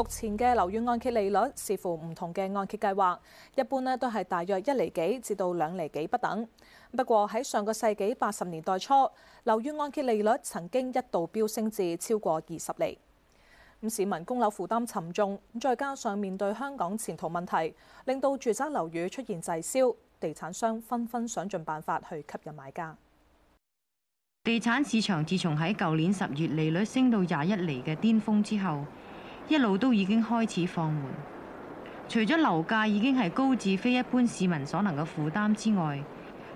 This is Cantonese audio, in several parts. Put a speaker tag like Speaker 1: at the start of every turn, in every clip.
Speaker 1: 目前嘅樓宇按揭利率視乎唔同嘅按揭計劃，一般呢都係大約一厘幾至到兩厘幾不等。不過喺上個世紀八十年代初，樓宇按揭利率曾經一度飆升至超過二十厘。市民供樓負擔沉重，再加上面對香港前途問題，令到住宅樓宇出現滯銷，地產商紛紛想盡辦法去吸引買家。
Speaker 2: 地產市場自從喺舊年十月利率升到廿一厘嘅巔峰之後，一路都已經開始放緩，除咗樓價已經係高至非一般市民所能夠負擔之外，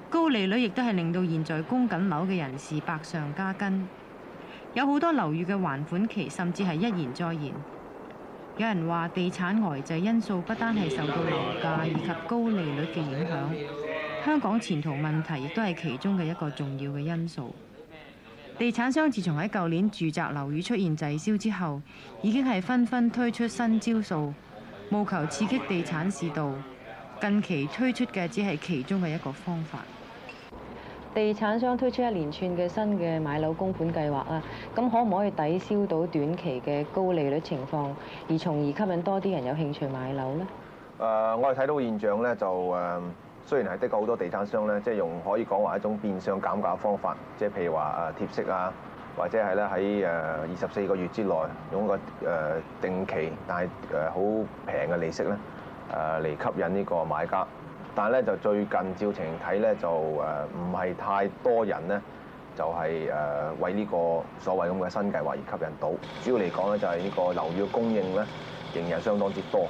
Speaker 2: 高利率亦都係令到現在供緊樓嘅人士百上加斤。有好多樓宇嘅還款期甚至係一延再延。有人話，地產呆滯因素不單係受到樓價以及高利率嘅影響，香港前途問題亦都係其中嘅一個重要嘅因素。地產商自從喺舊年住宅樓宇出現滯銷之後，已經係紛紛推出新招數，務求刺激地產市道。近期推出嘅只係其中嘅一個方法。地產商推出一連串嘅新嘅買樓供款計劃啊，咁可唔可以抵消到短期嘅高利率情況，而從而吸引多啲人有興趣買樓呢？誒、
Speaker 3: 呃，我哋睇到嘅現象咧，就誒。呃雖然係的確好多地產商咧，即係用可以講話一種變相減價方法，即係譬如話誒貼息啊，或者係咧喺誒二十四個月之內用一個誒定期，但係誒好平嘅利息咧誒嚟吸引呢個買家，但係咧就最近照情睇咧就誒唔係太多人咧就係誒為呢個所謂咁嘅新計劃而吸引到，主要嚟講咧就係呢個樓宇嘅供應咧仍然相當之多。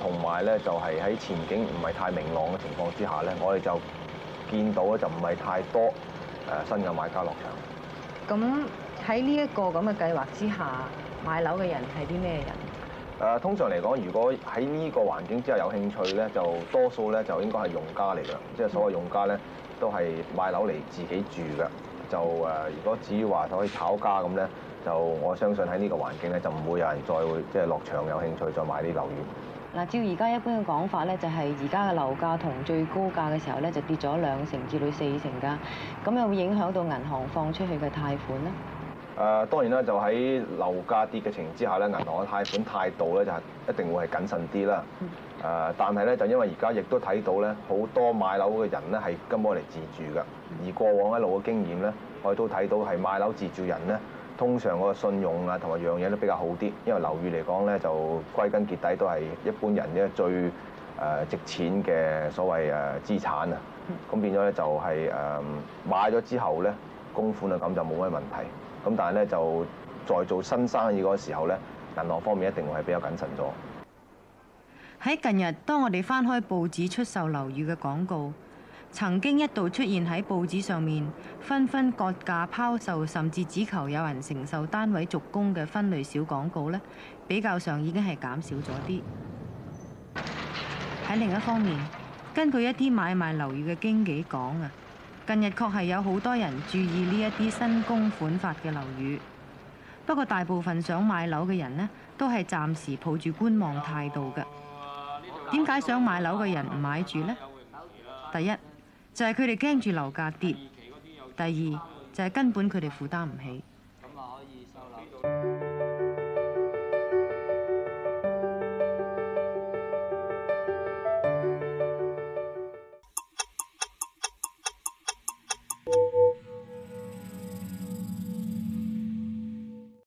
Speaker 3: 同埋咧，就係喺前景唔係太明朗嘅情況之下咧，我哋就見到咧就唔係太多誒新嘅買家落場。
Speaker 2: 咁喺呢一個咁嘅計劃之下，買樓嘅人係啲咩人？
Speaker 3: 誒，通常嚟講，如果喺呢個環境之下有興趣咧，就多數咧就應該係用家嚟嘅，即係所謂用家咧都係買樓嚟自己住嘅。就誒，如果至於話可以炒家咁咧，就我相信喺呢個環境咧就唔會有人再會即係落場有興趣再買啲樓宇。
Speaker 2: 嗱，照而家一般嘅講法咧，就係而家嘅樓價同最高價嘅時候咧，就跌咗兩成至到四成㗎。咁又會影響到銀行放出去嘅貸款咧？
Speaker 3: 誒，當然啦，就喺樓價跌嘅情形之下咧，銀行嘅貸款態度咧就係一定會係謹慎啲啦。誒，但係咧，就因為而家亦都睇到咧，好多買樓嘅人咧係今波嚟自住㗎，而過往一路嘅經驗咧，我亦都睇到係買樓自住人咧。通常嗰個信用啊，同埋樣嘢都比較好啲，因為樓宇嚟講咧，就歸根結底都係一般人咧最誒值錢嘅所謂誒資產啊。咁、嗯、變咗咧就係、是、誒買咗之後咧供款啊，咁就冇咩問題，咁但係咧就再做新生意嗰時候咧，銀行方面一定會係比較謹慎咗。
Speaker 2: 喺近日，當我哋翻開報紙出售樓宇嘅廣告。曾經一度出現喺報紙上面，紛紛割價拋售，甚至只求有人承受單位續供嘅分類小廣告呢，比較上已經係減少咗啲。喺另一方面，根據一啲買賣樓宇嘅經紀講啊，近日確係有好多人注意呢一啲新供款法嘅樓宇，不過大部分想買樓嘅人呢，都係暫時抱住觀望態度嘅。點解想買樓嘅人唔買住呢？第一就係佢哋驚住樓價跌，第二就係根本佢哋負擔唔起。